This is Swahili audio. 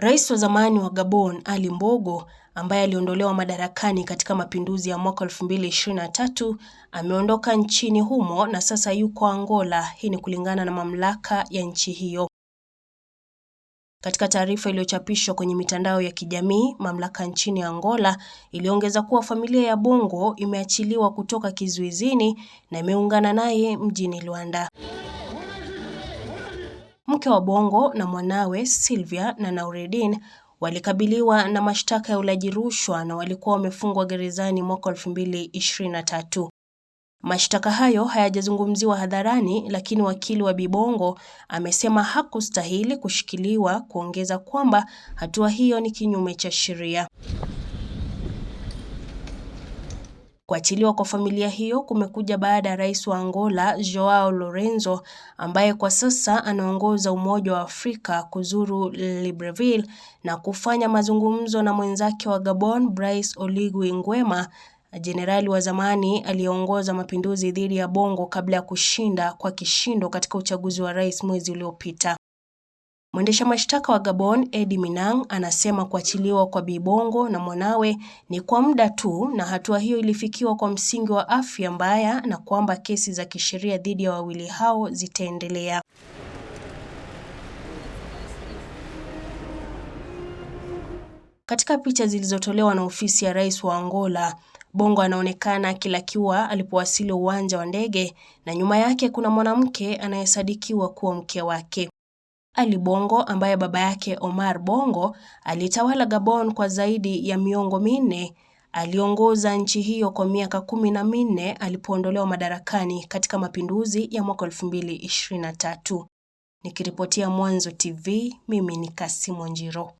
Rais wa zamani wa Gabon Ali Mbogo ambaye aliondolewa madarakani katika mapinduzi ya mwaka 2023 ameondoka nchini humo na sasa yuko Angola. Hii ni kulingana na mamlaka ya nchi hiyo. Katika taarifa iliyochapishwa kwenye mitandao ya kijamii, mamlaka nchini Angola iliongeza kuwa familia ya Bongo imeachiliwa kutoka kizuizini na imeungana naye mjini Luanda mke wa Bongo na mwanawe Sylvia na nauredin walikabiliwa na mashtaka ya ulaji rushwa na walikuwa wamefungwa gerezani mwaka 2023. Mashtaka hayo hayajazungumziwa hadharani, lakini wakili wa Bibongo amesema hakustahili kushikiliwa, kuongeza kwamba hatua hiyo ni kinyume cha sheria. Kuachiliwa kwa familia hiyo kumekuja baada ya rais wa Angola Joao Lorenzo ambaye kwa sasa anaongoza Umoja wa Afrika kuzuru Libreville na kufanya mazungumzo na mwenzake wa Gabon Brice Oligui Nguema, jenerali wa zamani aliyeongoza mapinduzi dhidi ya Bongo kabla ya kushinda kwa kishindo katika uchaguzi wa rais mwezi uliopita. Mwendesha mashtaka wa Gabon edi Minang anasema kuachiliwa kwa Bi Bongo na mwanawe ni kwa muda tu na hatua hiyo ilifikiwa kwa msingi wa afya mbaya na kwamba kesi za kisheria dhidi ya wawili hao zitaendelea. Katika picha zilizotolewa na ofisi ya Rais wa Angola, Bongo anaonekana akilakiwa alipowasili uwanja wa ndege na nyuma yake kuna mwanamke anayesadikiwa kuwa mke wake. Ali Bongo ambaye baba yake Omar Bongo alitawala Gabon kwa zaidi ya miongo minne. Aliongoza nchi hiyo kwa miaka kumi na minne alipoondolewa madarakani katika mapinduzi ya mwaka tatu. Nikiripotia Mwanzo TV, mimi ni Kasimo Njiro.